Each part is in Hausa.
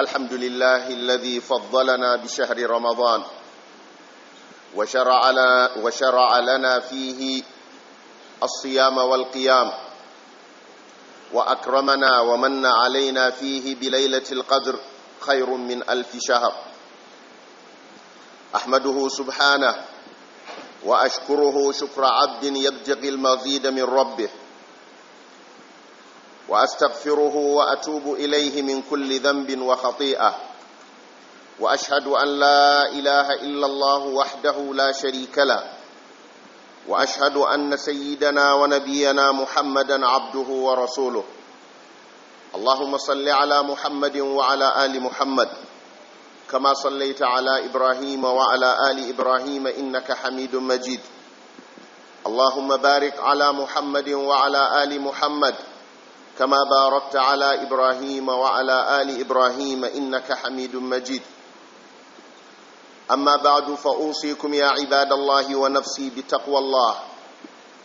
الحمد لله الذي فضلنا بشهر رمضان وشرع لنا, وشرع لنا فيه الصيام والقيام وأكرمنا ومن علينا فيه بليلة القدر خير من ألف شهر أحمده سبحانه وأشكره شكر عبد يبتغي المزيد من ربه واستغفره واتوب اليه من كل ذنب وخطيئه واشهد ان لا اله الا الله وحده لا شريك له واشهد ان سيدنا ونبينا محمدا عبده ورسوله اللهم صل على محمد وعلى ال محمد كما صليت على ابراهيم وعلى ال ابراهيم انك حميد مجيد اللهم بارك على محمد وعلى ال محمد كما باركت على إبراهيم وعلى آل إبراهيم إنك حميد مجيد أما بعد فأوصيكم يا عباد الله ونفسي بتقوى الله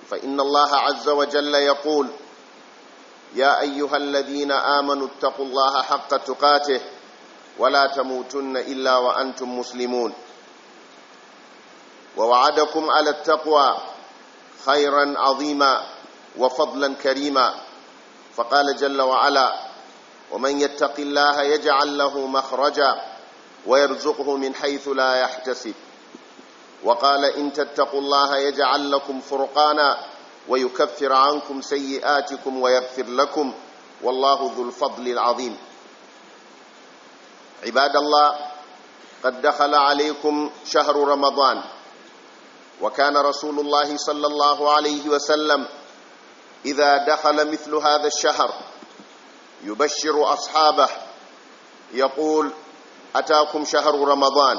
فإن الله عز وجل يقول يا أيها الذين آمنوا اتقوا الله حق تقاته ولا تموتن إلا وأنتم مسلمون ووعدكم على التقوى خيرا عظيما وفضلا كريما فقال جل وعلا ومن يتق الله يجعل له مخرجا ويرزقه من حيث لا يحتسب وقال إن تتقوا الله يجعل لكم فرقانا ويكفر عنكم سيئاتكم ويغفر لكم والله ذو الفضل العظيم عباد الله قد دخل عليكم شهر رمضان وكان رسول الله صلى الله عليه وسلم إذا دخل مثل هذا الشهر يبشر أصحابه يقول أتاكم شهر رمضان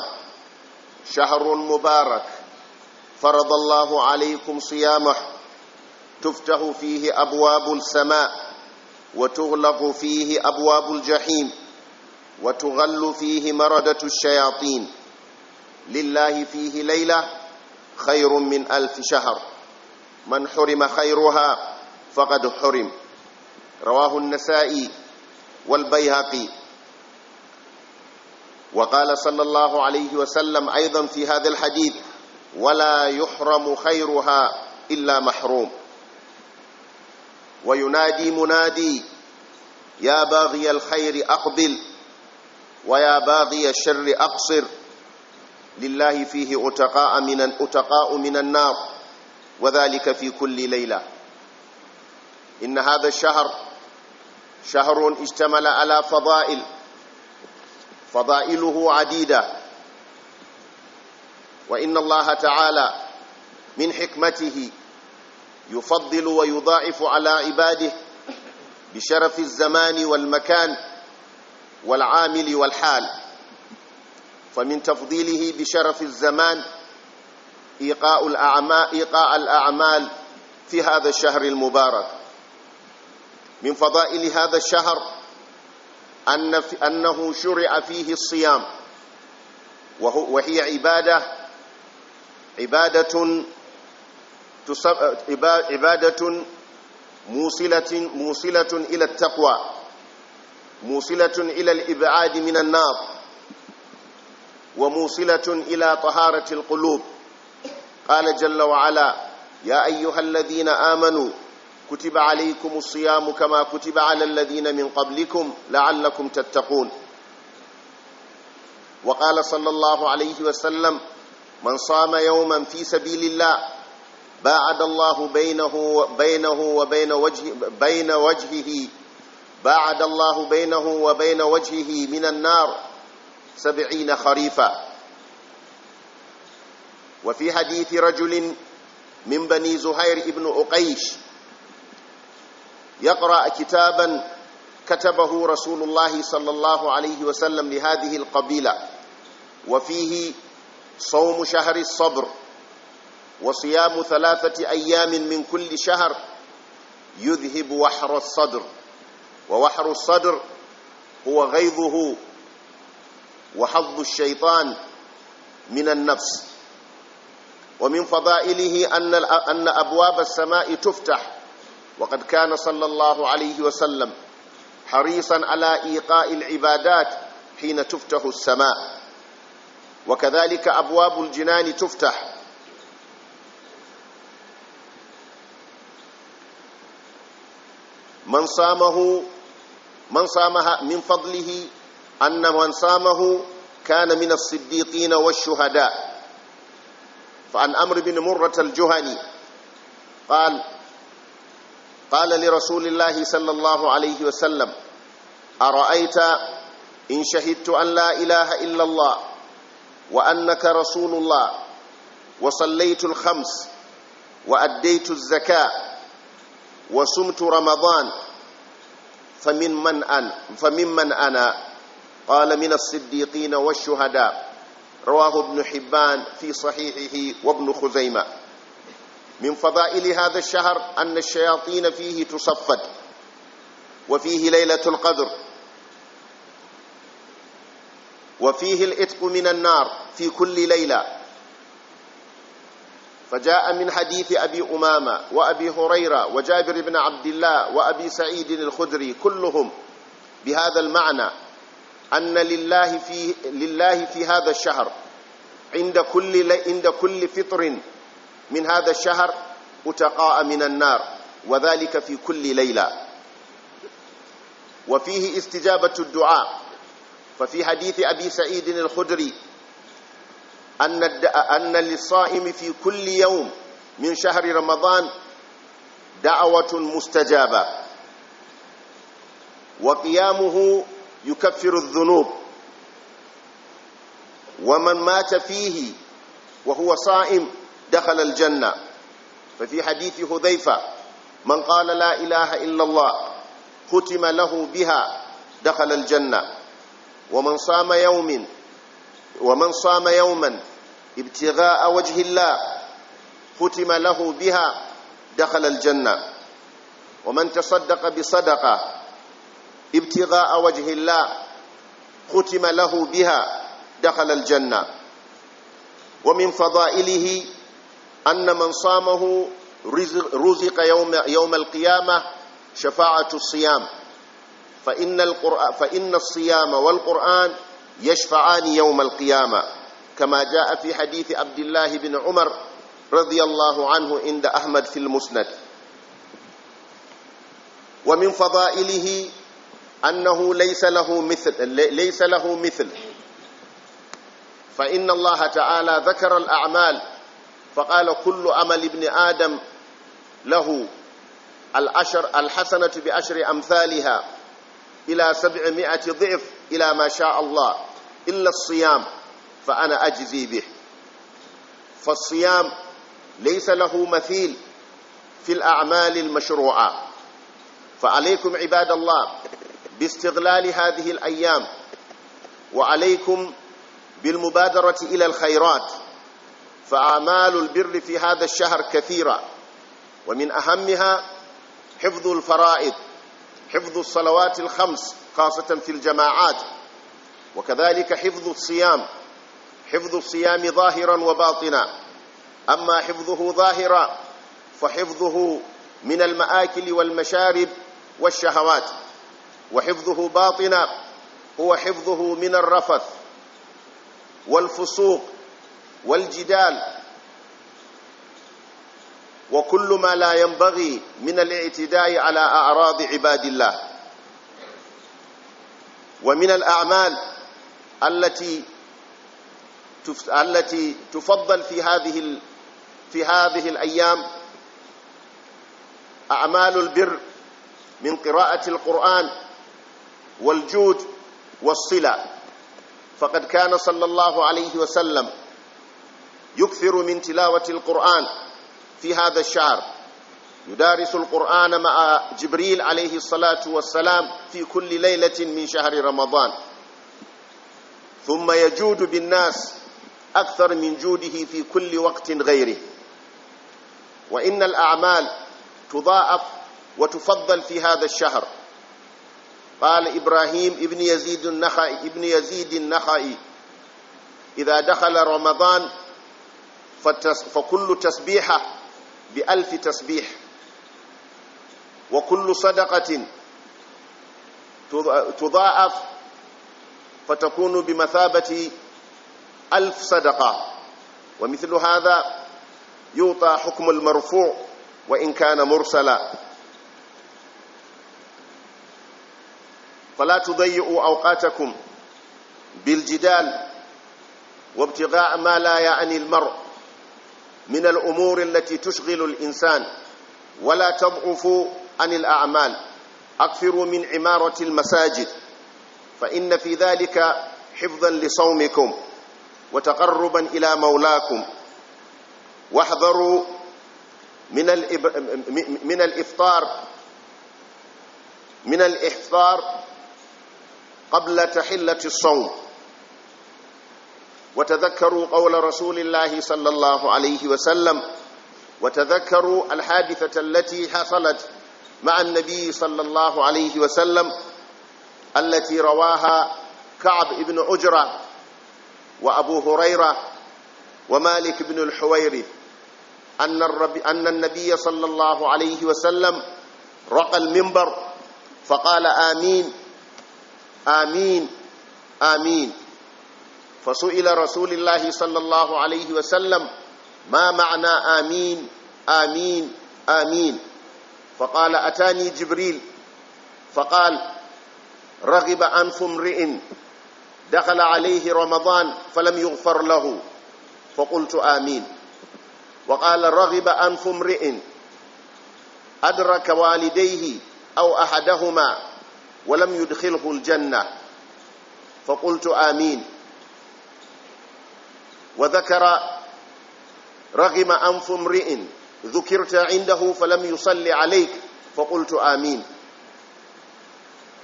شهر مبارك فرض الله عليكم صيامه تفتح فيه أبواب السماء وتغلق فيه أبواب الجحيم وتغل فيه مردة الشياطين لله فيه ليلة خير من ألف شهر من حرم خيرها فقد حرم رواه النسائي والبيهقي وقال صلى الله عليه وسلم أيضا في هذا الحديث ولا يحرم خيرها إلا محروم وينادي منادي يا باغي الخير أقبل ويا باغي الشر أقصر لله فيه أتقاء من, أتقاء من النار وذلك في كل ليلة إن هذا الشهر شهر اشتمل على فضائل فضائله عديدة وإن الله تعالى من حكمته يفضل ويضاعف على عباده بشرف الزمان والمكان والعامل والحال فمن تفضيله بشرف الزمان إيقاء الأعمال, إيقاء الأعمال في هذا الشهر المبارك من فضائل هذا الشهر أن أنه شرع فيه الصيام وهي عبادة عبادة عبادة موصلة, موصلة إلى التقوى موصلة إلى الإبعاد من النار وموصلة إلى طهارة القلوب قال جل وعلا يا أيها الذين آمنوا كتب عليكم الصيام كما كتب على الذين من قبلكم لعلكم تتقون وقال صلى الله عليه وسلم من صام يوما في سبيل الله باعد الله بينه بينه وبين وجه بين وجهه باعد الله بينه وبين وجهه من النار سبعين خريفا وفي حديث رجل من بني زهير ابن أقيش يقرأ كتابا كتبه رسول الله صلى الله عليه وسلم لهذه القبيلة وفيه صوم شهر الصبر وصيام ثلاثة أيام من كل شهر يذهب وحر الصدر ووحر الصدر هو غيظه وحظ الشيطان من النفس ومن فضائله أن أبواب السماء تفتح وقد كان صلى الله عليه وسلم حريصا على إيقاء العبادات حين تفتح السماء وكذلك أبواب الجنان تفتح من صامه من صامها من فضله أن من صامه كان من الصديقين والشهداء فعن أمر بن مرة الجهني قال قال لرسول الله صلى الله عليه وسلم أرأيت إن شهدت أن لا إله إلا الله وأنك رسول الله وصليت الخمس وأديت الزكاة وصمت رمضان فممن أنا, فممن أنا قال من الصديقين والشهداء رواه ابن حبان في صحيحه وابن خزيمه من فضائل هذا الشهر أن الشياطين فيه تصفد وفيه ليلة القدر وفيه الإتق من النار في كل ليلة فجاء من حديث أبي أمامة وأبي هريرة وجابر بن عبد الله وأبي سعيد الخدري كلهم بهذا المعنى أن لله في, لله في هذا الشهر عند كل, عند كل فطر من هذا الشهر أتقاء من النار وذلك في كل ليلة وفيه استجابة الدعاء ففي حديث أبي سعيد الخدري أن, أن للصائم في كل يوم من شهر رمضان دعوة مستجابة وقيامه يكفر الذنوب ومن مات فيه وهو صائم دخل الجنة ففي حديث هذيفة من قال لا إله إلا الله ختم له بها دخل الجنة ومن صام يوم ومن صام يوما ابتغاء وجه الله ختم له بها دخل الجنة ومن تصدق بصدقة ابتغاء وجه الله ختم له بها دخل الجنة ومن فضائله أن من صامه رزق يوم, يوم القيامة شفاعة الصيام فإن, القرآن فإن الصيام والقرآن يشفعان يوم القيامة كما جاء في حديث عبد الله بن عمر رضي الله عنه عند أحمد في المسند ومن فضائله أنه ليس له مثل ليس له مثل فإن الله تعالى ذكر الأعمال فقال كل عمل ابن آدم له العشر الحسنة بعشر أمثالها إلى سبعمائة ضعف إلى ما شاء الله إلا الصيام فأنا أجزي به فالصيام ليس له مثيل في الأعمال المشروعة فعليكم عباد الله باستغلال هذه الأيام وعليكم بالمبادرة إلى الخيرات فأعمال البر في هذا الشهر كثيرة ومن أهمها حفظ الفرائض حفظ الصلوات الخمس خاصة في الجماعات وكذلك حفظ الصيام حفظ الصيام ظاهرا وباطنا أما حفظه ظاهرا فحفظه من المآكل والمشارب والشهوات وحفظه باطنا هو حفظه من الرفث والفسوق والجدال وكل ما لا ينبغي من الاعتداء على أعراض عباد الله ومن الأعمال التي التي تفضل في هذه في هذه الأيام أعمال البر من قراءة القرآن والجود والصلة فقد كان صلى الله عليه وسلم يكثر من تلاوة القرآن في هذا الشهر يدارس القرآن مع جبريل عليه الصلاة والسلام في كل ليلة من شهر رمضان ثم يجود بالناس أكثر من جوده في كل وقت غيره وإن الأعمال تضاعف وتفضل في هذا الشهر قال إبراهيم ابن يزيد النخعي, ابن يزيد النخعي إذا دخل رمضان فكل تسبيحة بألف تسبيح وكل صدقة تضاعف فتكون بمثابة ألف صدقة ومثل هذا يوطى حكم المرفوع وإن كان مرسلا فلا تضيئوا أوقاتكم بالجدال وابتغاء ما لا يعني المرء من الأمور التي تشغل الإنسان ولا تضعف عن الأعمال أكثروا من عمارة المساجد فإن في ذلك حفظا لصومكم وتقربا إلى مولاكم واحذروا من الإب... من الإفطار من الإفطار قبل تحلة الصوم وتذكروا قول رسول الله صلى الله عليه وسلم وتذكروا الحادثة التي حصلت مع النبي صلى الله عليه وسلم التي رواها كعب بن أجرة وأبو هريرة ومالك بن الحوير أن, أن النبي صلى الله عليه وسلم رقى المنبر فقال آمين آمين آمين فسئل رسول الله صلى الله عليه وسلم ما معنى آمين آمين آمين فقال أتاني جبريل فقال رغب أنف امرئ دخل عليه رمضان فلم يغفر له فقلت آمين وقال رغب أنف امرئ أدرك والديه أو أحدهما ولم يدخله الجنة فقلت آمين وذكر رغم أنف امرئ ذكرت عنده فلم يصلي عليك فقلت آمين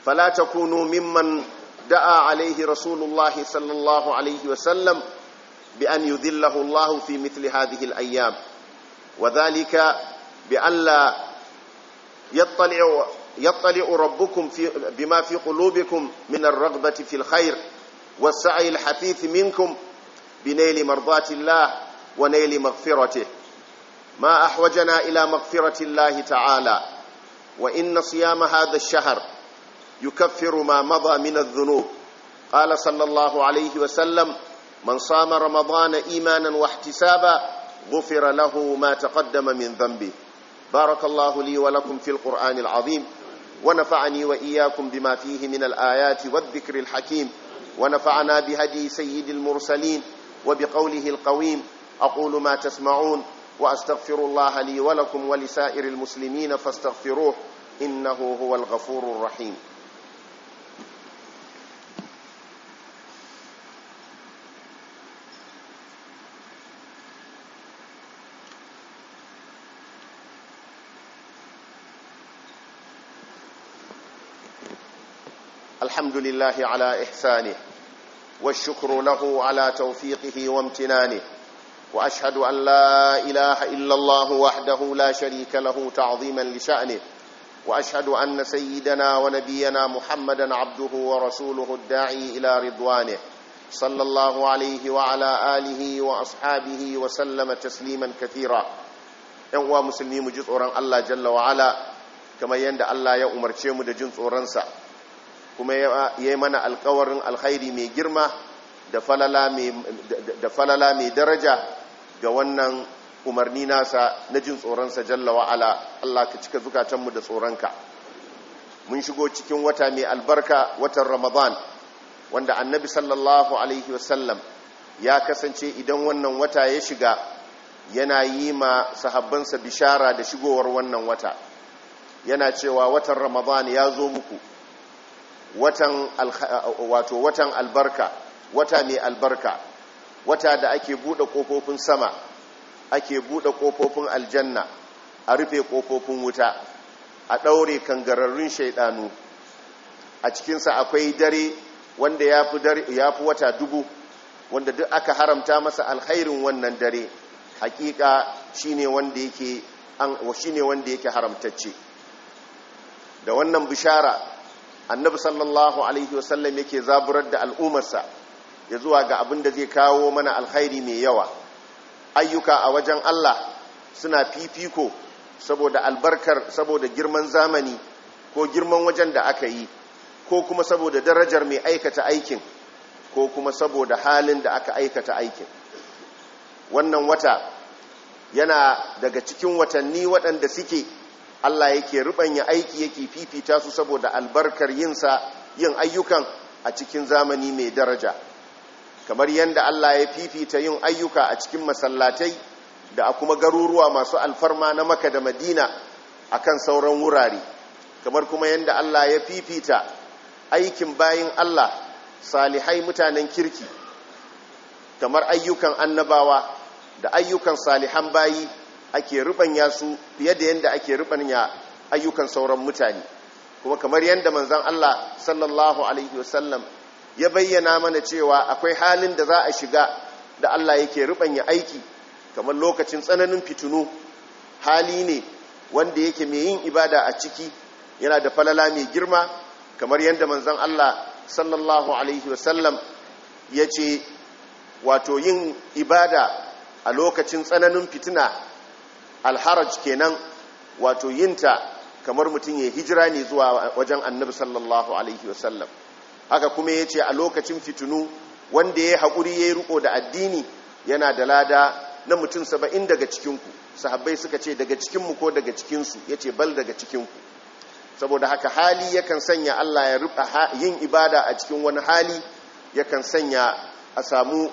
فلا تكونوا ممن دعا عليه رسول الله صلى الله عليه وسلم بأن يذله الله في مثل هذه الأيام وذلك بألا يطلع, يطلع ربكم في بما في قلوبكم من الرغبة في الخير والسعي الحثيث منكم بنيل مرضات الله ونيل مغفرته ما أحوجنا إلى مغفرة الله تعالى وإن صيام هذا الشهر يكفر ما مضى من الذنوب قال صلى الله عليه وسلم من صام رمضان إيمانا واحتسابا غفر له ما تقدم من ذنبه بارك الله لي ولكم في القرآن العظيم ونفعني وإياكم بما فيه من الآيات والذكر الحكيم ونفعنا بهدي سيد المرسلين وبقوله القويم أقول ما تسمعون وأستغفر الله لي ولكم ولسائر المسلمين فاستغفروه إنه هو الغفور الرحيم الحمد لله على إحسانه والشكر له على توفيقه وامتنانه وأشهد أن لا إله إلا الله وحده لا شريك له تعظيما لشأنه وأشهد أن سيدنا ونبينا محمدا عبده ورسوله الداعي إلى رضوانه صلى الله عليه وعلى آله وأصحابه وسلم تسليما كثيرا ينوى مسلمين جزء الله جل وعلا كما يند الله يأمر شيم جنس ورنسا kuma ya yi mana alkawarin alkhairi mai girma da falala mai daraja ga wannan umarni nasa na jin tsoronsa jalla wa'ala Allah ka cika zukatanmu da tsoronka mun shigo cikin wata mai albarka watan ramadan wanda annabi sallallahu alaihi wasallam ya kasance idan wannan wata ya shiga yana yi ma sahabbansa bishara da shigowar wannan wata yana cewa watan ramadan ya zo muku watan uh, wato watan albarka wata mai albarka wata da ake buɗe kofofin sama ake buɗe ƙofofin aljanna a rufe ƙofofin wuta a daure kangararrun shaidanu a cikinsa akwai dare wanda ya fi wata dubu wanda duk aka haramta masa alkhairin wannan dare hakika shine wanda yake an shine wanda yake haramtacce da wannan bishara annabi sallallahu alaihi wasallam yake zaburar da al'umarsa ya zuwa ga abin da zai kawo mana alkhairi mai yawa ayyuka a wajen Allah suna fifiko saboda albarkar saboda girman zamani ko girman wajen da aka yi ko kuma saboda darajar mai aikata aikin ko kuma saboda halin da aka aikata aikin wannan wata yana daga cikin watanni waɗanda suke Allah yake rubanya aiki yake fifita su saboda albarkar yinsa yin ayyukan a cikin zamani mai daraja kamar yadda Allah ya fifita yin ayyuka a cikin masallatai da kuma garuruwa masu alfarma na maka da madina akan sauran wurare kamar kuma yadda Allah ya fifita aikin bayin Allah salihai mutanen kirki kamar ayyukan annabawa da ayyukan salihan bayi ake rubanya su fiye da yadda ake rubanya ayyukan sauran mutane kuma kamar yadda manzan Allah sallallahu alaihi wasallam ya bayyana mana cewa akwai halin da za a shiga da Allah yake rubanya aiki kamar lokacin tsananin fitunu. hali ne wanda yake mai yin ibada a ciki yana da falala mai girma kamar yadda manzan Allah sallallahu alaihi wasallam ya ce wato yin ibada a lokacin tsananin fitina alharaj kenan wato yinta kamar mutum ya hijira ne zuwa wajen annabi sallallahu alaihi wasallam haka kuma ya ce a lokacin fitinu wanda ya haƙuri ya yi riko da addini yana da lada na mutum saba'in daga cikinku sahabbai suka ce daga cikinmu ko daga cikinsu ya ce bal daga cikinku saboda haka hali yakan sanya allah ya ruɓa yin ibada a cikin wani hali yakan sanya a samu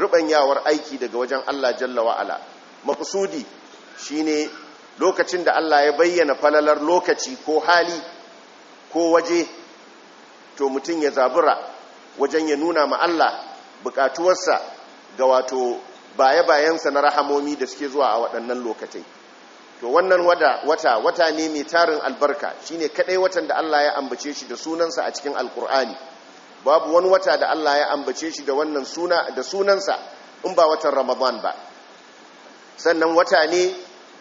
ruɓanyawar aiki daga wajen allah jalla wa'ala shi shine lokacin da Allah ya bayyana falalar lokaci ko hali ko waje to mutum ya zabura wajen ya nuna ma Allah bukatuwarsa ga wato baya-bayansa na rahamomi da suke zuwa a waɗannan lokatai to wannan wata wata ne mai tarin albarka shine kadai watan da Allah ya ambace shi da sunansa a cikin alkur'ani babu wani wata da Allah ya ambace shi da wannan da sunansa in ba watan ramadan ba sannan wata ne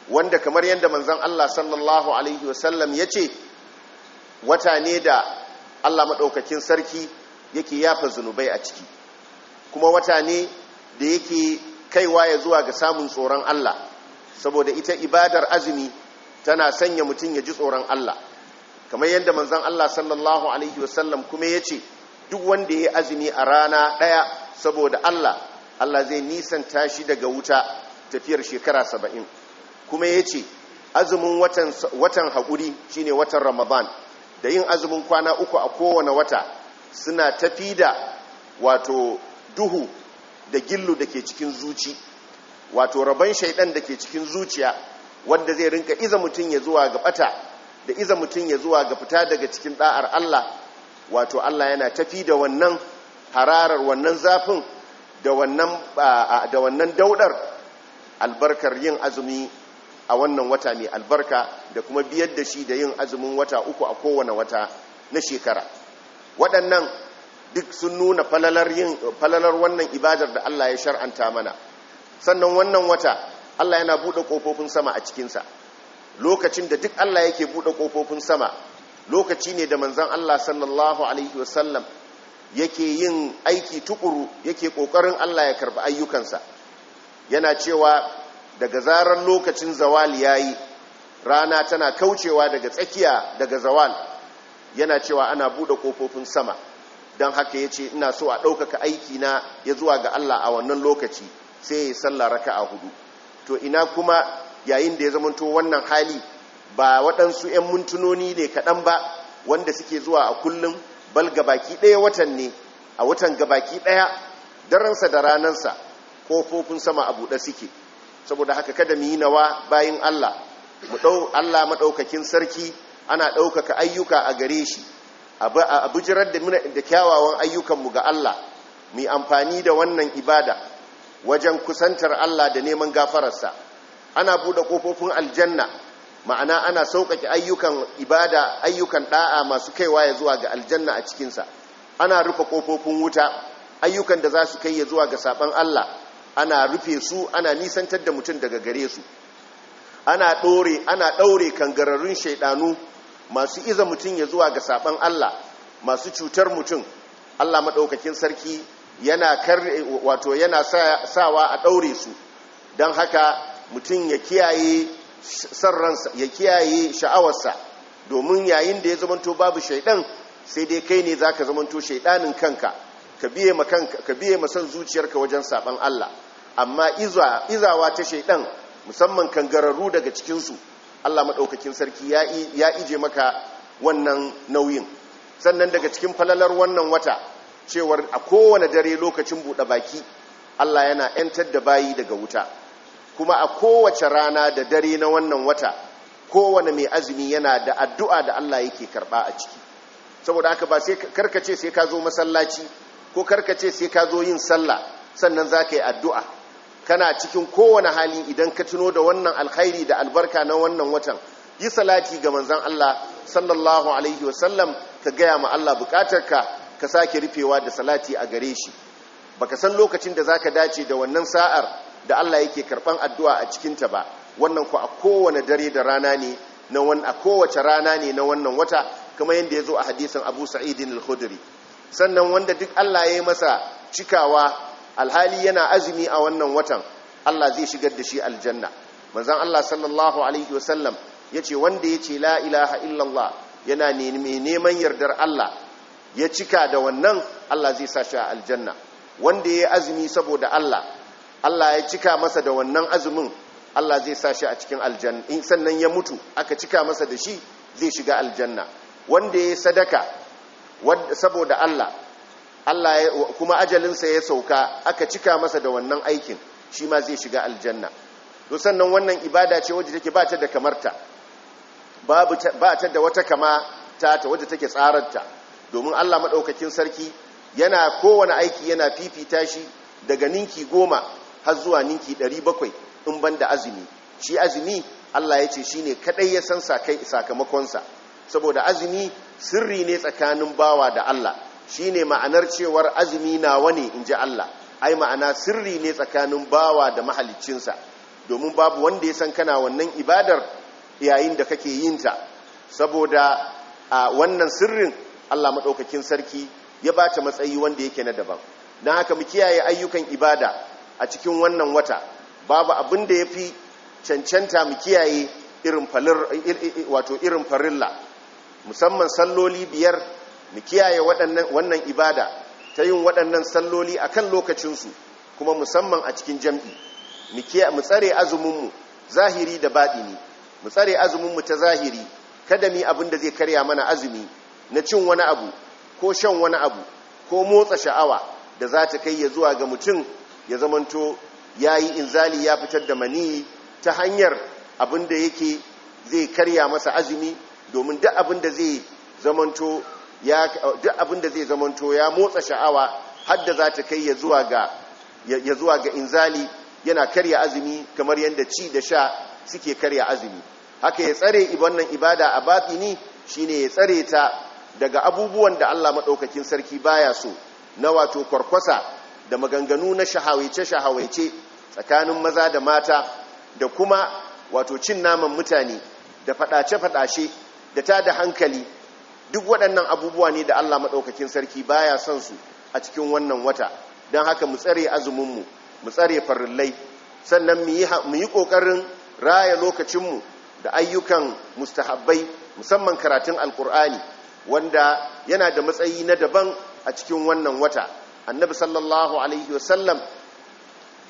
wanda kamar yadda manzan Allah sallallahu alaihi wasallam ya ce wata ne da Allah maɗaukakin sarki yake yafa zunubai a ciki kuma wata ne da yake kaiwa ya zuwa ga samun tsoron Allah saboda ita ibadar azumi tana sanya mutum ya ji tsoron Allah kamar yadda manzan Allah sallallahu alaihi wasallam kuma ya ce duk wanda ya azumi a rana ɗaya saboda Allah Allah zai nisan tashi daga wuta tafiyar shekara saba'in kuma ya ce azumin watan haƙuri shine watan ramadan da yin azumin kwana uku a kowane wata suna tafi da wato duhu da gillu da ke cikin zuci wato rabon shaidan da ke cikin zuciya wanda zai rinka iza mutum ya zuwa ga bata da iza mutum ya zuwa ga fita daga cikin da'ar Allah wato Allah yana tafi da wannan hararar wannan zafin da wannan da wannan daudar albarkar yin azumi a wannan wata mai albarka da kuma biyar da shi da yin azumin wata uku a kowane wata na shekara waɗannan duk sun nuna falalar wannan ibadar da Allah ya shar'anta mana sannan wannan wata Allah yana buɗe ƙofofin sama a cikinsa lokacin da duk Allah yake buɗe ƙofofin sama lokaci ne da manzan Allah sallallahu alaihi wasallam yake yin aiki tukuru yake ƙoƙarin Allah ya karɓi ayyukansa yana cewa daga zarar lokacin zawal yi rana tana kaucewa daga tsakiya daga zawal yana cewa ana buɗe kofofin sama don haka ya ce ina so a ɗaukaka aiki na ya zuwa ga Allah a wannan lokaci sai ya sallah raka a hudu to ina kuma yayin da ya zamanto wannan hali ba waɗansu 'yan mintunoni ne kaɗan ba wanda suke zuwa a kullum bal gabaki ɗaya watan ne a watan gabaki ɗaya daransa da ranansa kofofin sama a buɗe suke saboda haka kada mu yi nawa bayan Allah mu ɗau Allah maɗaukakin sarki ana ɗaukaka ayyuka a gare shi a bujirar da kyawawan ayyukanmu ga Allah mu amfani da wannan ibada wajen kusantar Allah da neman gafararsa ana buɗe kofofin aljanna ma'ana ana sauƙaƙe ayyukan ibada ayyukan ɗa'a masu kaiwa ya zuwa ga aljanna a cikinsa ana rufe kofofin wuta ayyukan da za su kai ya zuwa ga saɓan Allah ana rufe su ana nisantar da mutum daga gare su ana ɗore ana ɗaure kangararrun shaidanu masu iza mutum ya zuwa ga saɓan Allah masu cutar mutum Allah maɗaukakin sarki yana wato yana sawa a ɗaure su don haka mutum ya kiyaye sarransa ya kiyaye sha'awarsa domin yayin da ya zamanto babu shaidan sai dai kai ne za ka zamanto shaidanin kanka ka biye ma son zuciyarka wajen saɓan Allah amma izawa ta shaidan musamman kan kangararru daga cikinsu allah maɗaukakin sarki ya ije maka wannan nauyin sannan daga cikin falalar wannan wata cewar a kowane dare lokacin buɗe baki allah yana 'yantar da bayi daga wuta kuma a kowace rana da dare na wannan wata kowane mai azumi yana da addu'a da allah yake karɓa a ciki saboda haka ba sai karkace sai ka zo masallaci ko karkace sai ka zo yin sallah sannan za ka yi addu'a kana cikin kowane hali idan ka tuno da wannan alkhairi da albarka na wannan watan yi salati ga manzan Allah sallallahu alaihi wasallam ka gaya ma Allah bukatarka ka sake rufewa da salati a gare shi baka san lokacin da za ka dace da wannan sa'ar da Allah yake karban addu'a a cikinta ba wannan ku a kowane dare da rana ne na a kowace rana ne na wannan wata kama yadda ya zo a hadisin Abu Sa'idin al-Khudri sannan wanda duk Allah ya yi masa cikawa alhali yana azumi a wannan watan Allah zai shigar da shi aljanna manzon Allah sallallahu alaihi wasallam yace wanda yace la ilaha illallah yana neman yardar Allah ya cika da wannan Allah zai sa shi a aljanna wanda yayi azumi saboda Allah Allah ya cika masa da wannan azumin Allah zai sa shi a cikin aljanna in sannan ya mutu aka cika masa da shi zai shiga aljanna wanda yayi sadaka saboda Allah Allah ya kuma ajalinsa ya sauka aka cika masa da wannan aikin shi ma zai shiga aljanna to sannan wannan ibada ce wacce take ba ta da kamarta babu ba ta da wata kama ta ta wacce take tsararta domin Allah madaukakin sarki yana kowane aiki yana fifita shi daga ninki goma har zuwa ninki ɗari bakwai in banda azumi shi azumi Allah ya ce shi ne kaɗai ya san sakamakonsa saboda azumi sirri ne tsakanin bawa da Allah Shi ne ma'anar cewar azumi nawa ne in ji Allah ai ma'ana sirri ne tsakanin bawa da mahaliccinsa domin babu wanda ya san kana wannan ibadar yayin da kake yin ta saboda a wannan sirrin Allah maɗaukakin sarki ya ba ta matsayi wanda yake na daban na haka mu kiyaye ayyukan ibada a cikin wannan wata babu abin da ya fi cancanta mu kiyaye wato irin farilla musamman salloli biyar mu kiyaye wannan ibada ta yin waɗannan salloli a kan lokacinsu kuma musamman a cikin jam'i mu tsare azuminmu zahiri da baɗi ne mu tsare azuminmu ta zahiri kada mi abin da zai karya mana azumi na cin wani abu ko shan wani abu ko motsa sha'awa da za ta kai ya zuwa ga mutum ya zamanto ya yi inzali ya fitar da mani ta hanyar abin da yake zai karya masa azumi domin duk abin da zai zamanto duk abin da zai zamanto ya motsa sha'awa hadda za ta kai ya zuwa ga inzali yana karya azumi kamar yadda ci da sha suke karya azumi haka ya tsare wannan ibada a batini shine ya tsare ta daga abubuwan da Allah maɗaukakin sarki baya so na wato kwarkwasa da maganganu na shahawace-shahawace tsakanin maza da mata da kuma wato cin naman mutane da faɗace-faɗace da ta da hankali duk waɗannan abubuwa ne da Allah maɗaukakin sarki baya son su a cikin wannan wata don haka mu tsare azuminmu mu tsare farillai sannan mu yi ƙoƙarin raya lokacinmu da ayyukan mustahabbai musamman karatun alkur'ani wanda yana da matsayi na daban a cikin wannan wata annabi sallallahu alaihi wasallam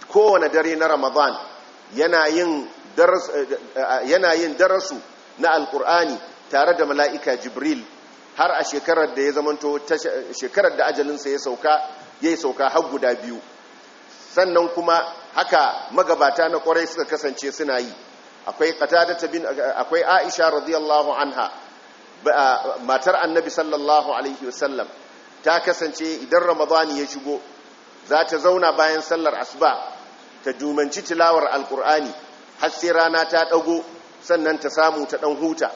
kowane dare na ramadan yana yin eh, eh, darasu na alkur'ani tare da mala'ika jibril har a shekarar da ya zamanto shekarar da ajalinsa ya sauka ya sauka har guda biyu sannan kuma haka magabata na kwarai suka kasance suna yi akwai qatadata bin akwai aisha radiyallahu anha matar annabi sallallahu alaihi wasallam ta kasance idan ramadani ya shigo za ta zauna bayan sallar asuba ta dumanci tilawar alkur'ani har sai rana ta dago sannan ta samu ta dan huta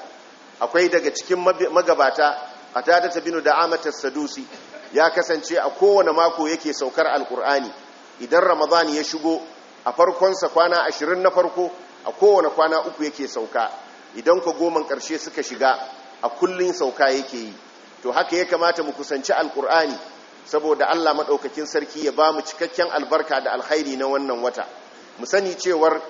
akwai daga cikin magabata a ta da tabinu da amatar sadusi ya kasance a kowane mako yake saukar alkur'ani idan ramadan ya shigo a farkonsa kwana ashirin na farko a kowane kwana uku yake sauka idan ka goman ƙarshe suka shiga a kullum sauka yake yi to haka ya kamata mu kusanci alkur'ani saboda allah maɗaukakin sarki ya ba mu cikakken albarka da alkhairi na wannan wata mu sani cewar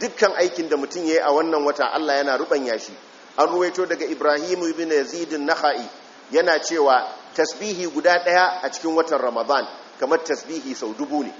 dukkan aikin da mutum ya yi a wannan wata allah yana ruɓanya yashi an ruwaito daga ibrahim ibn na naha'i yana cewa tasbihi guda ɗaya a cikin watan ramadan kamar tasbihi sau dubu ne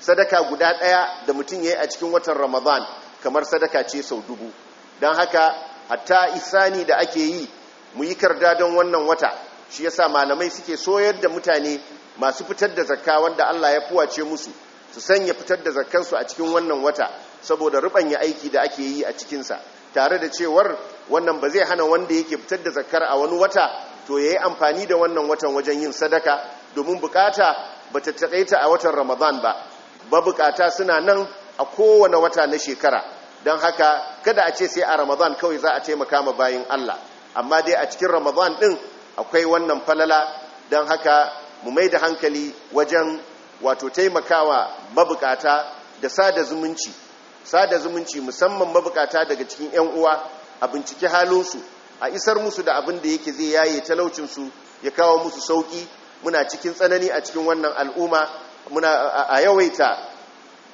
sadaka guda ɗaya da mutum ya yi a cikin watan ramadan kamar sadaka ce sau dubu don haka hatta isani da ake yi mu yi karda don wannan wata shi yasa malamai suke soyar da mutane masu fitar da zakka wanda allah ya fuwace musu su sanya fitar da zakkansu a cikin wannan wata saboda rubanya aiki da ake yi a cikinsa tare da cewar wannan ba zai hana wanda yake fitar da zakkar a wani wata to ya yi amfani da wannan watan wajen yin sadaka domin bukata bata ta a watan Ramadan ba ba bukata suna nan a kowane wata na shekara don haka kada a ce sai a Ramadan kawai za a taimaka ma bayan Allah amma dai a cikin Ramadan ɗin akwai wannan falala don haka mu mai da hankali wajen wato taimakawa mabukata da sada zumunci sada zumunci musamman mabukata daga cikin 'yan uwa a binciki halinsu a isar musu da abin da yake zai yaye talaucinsu ya kawo musu sauki muna cikin tsanani a cikin wannan al'umma muna a yawaita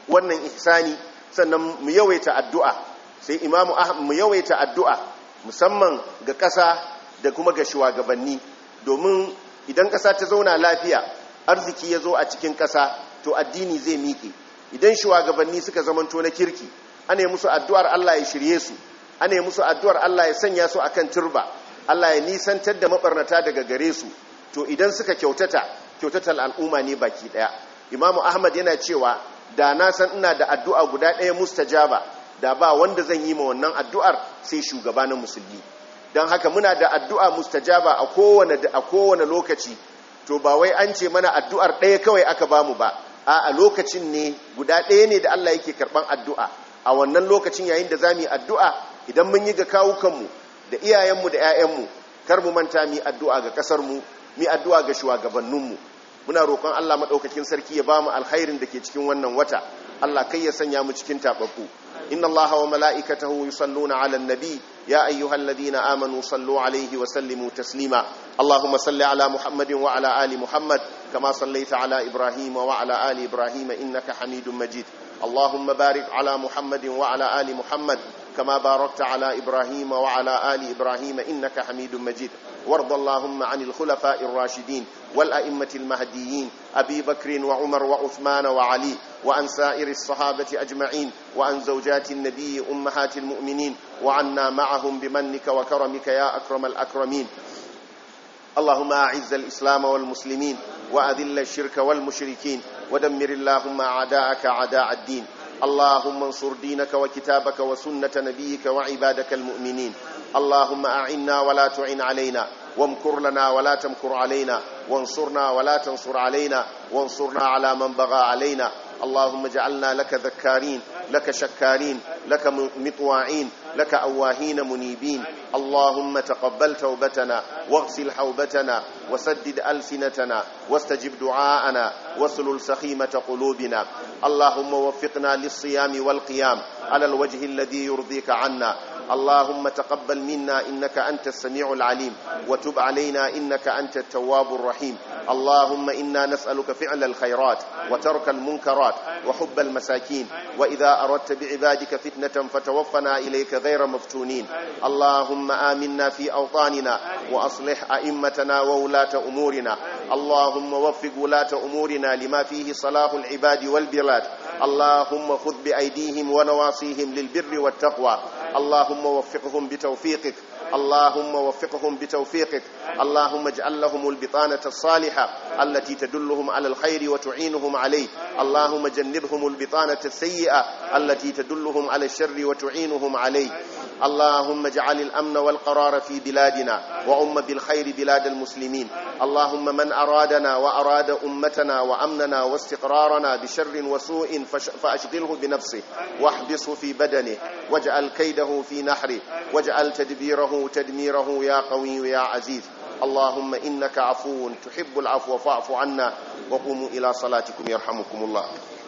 wannan ihsani sannan mu yawaita addu'a sai imamu ahmad mu yawaita addu'a musamman ga ƙasa da kuma ga shugabanni domin idan ƙasa ta zauna lafiya arziki ya zo a cikin ƙasa to addini zai miƙe idan shugabanni suka zamanto na kirki ana musu addu'ar Allah ya shirye su ana yi musu addu'ar Allah ya sanya su a kan turba Allah ya nisantar da maɓarnata daga gare su to idan suka kyautata kyautatar al'umma ne baki ɗaya imamu ahmad yana cewa da na san ina da addu'a guda ɗaya mustajaba da ba wanda zan yi ma wannan addu'ar sai shugaba na musulmi don haka muna da addu'a mustajaba a kowane a lokaci to ba wai an ce mana addu'ar ɗaya kawai aka bamu ba a lokacin ne guda ɗaya ne da Allah yake karɓan addu'a a wannan lokacin yayin da za mu yi addu'a idan mun yi ga kawukanmu da iyayenmu da 'ya'yanmu kar mu manta mi addu'a ga ƙasarmu mi addu'a ga shugabanninmu muna roƙon Allah maɗaukakin sarki ya ba mu alkhairin da ke cikin wannan wata Allah kai ya sanya mu cikin taɓaɓɓu inna Allah wa mala'ikatahu yusalluna 'alan nabi ya ayyuhalladhina amanu sallu 'alaihi wa sallimu taslima Allahumma salli 'ala Muhammadin wa 'ala ali Muhammad kama sallaita 'ala ibrahima wa 'ala ali Ibrahim innaka Hamidum Majid Allahumma barik 'ala Muhammadin wa 'ala ali Muhammad كما باركت على إبراهيم وعلى آل إبراهيم إنك حميد مجيد وارض اللهم عن الخلفاء الراشدين والأئمة المهديين أبي بكر وعمر وعثمان وعلي وعن سائر الصحابة أجمعين وعن زوجات النبي أمهات المؤمنين وعنا معهم بمنك وكرمك يا أكرم الأكرمين اللهم أعز الإسلام والمسلمين وأذل الشرك والمشركين ودمر اللهم أعداءك أعداء الدين اللهم انصر دينك وكتابك وسنة نبيك وعبادك المؤمنين اللهم أعنا ولا تعن علينا وامكر لنا ولا تمكر علينا وانصرنا ولا تنصر علينا وانصرنا على من بغى علينا اللهم اجعلنا لك ذكارين لك شكارين لك مطواعين لك أواهين منيبين اللهم تقبل توبتنا واغسل حوبتنا وسدد ألسنتنا واستجب دعاءنا وسلل سخيمة قلوبنا اللهم وفقنا للصيام والقيام على الوجه الذي يرضيك عنا اللهم تقبل منا إنك أنت السميع العليم وتب علينا إنك أنت التواب الرحيم اللهم إنا نسألك فعل الخيرات وترك المنكرات وحب المساكين وإذا أردت بعبادك فتنة فتوفنا إليك غير مفتونين اللهم آمنا في أوطاننا وأصلح أئمتنا وولاة أمورنا اللهم وفق ولاة أمورنا لما فيه صلاح العباد والبلاد اللهم خذ بأيديهم ونواصيهم للبر والتقوى اللهم وفقهم بتوفيقك اللهم وفقهم بتوفيقك اللهم اجعل لهم البطانة الصالحة التي تدلهم على الخير وتعينهم عليه اللهم جنبهم البطانة السيئة التي تدلهم على الشر وتعينهم عليه اللهم اجعل الأمن والقرار في بلادنا وأم بالخير بلاد المسلمين اللهم من أرادنا وأراد أمتنا وأمننا واستقرارنا بشر وسوء فأشغله بنفسه واحبسه في بدنه واجعل كيده في نحره واجعل تدبيره تدميره يا قوي يا عزيز اللهم إنك عفو تحب العفو فاعف عنا وقوموا إلى صلاتكم يرحمكم الله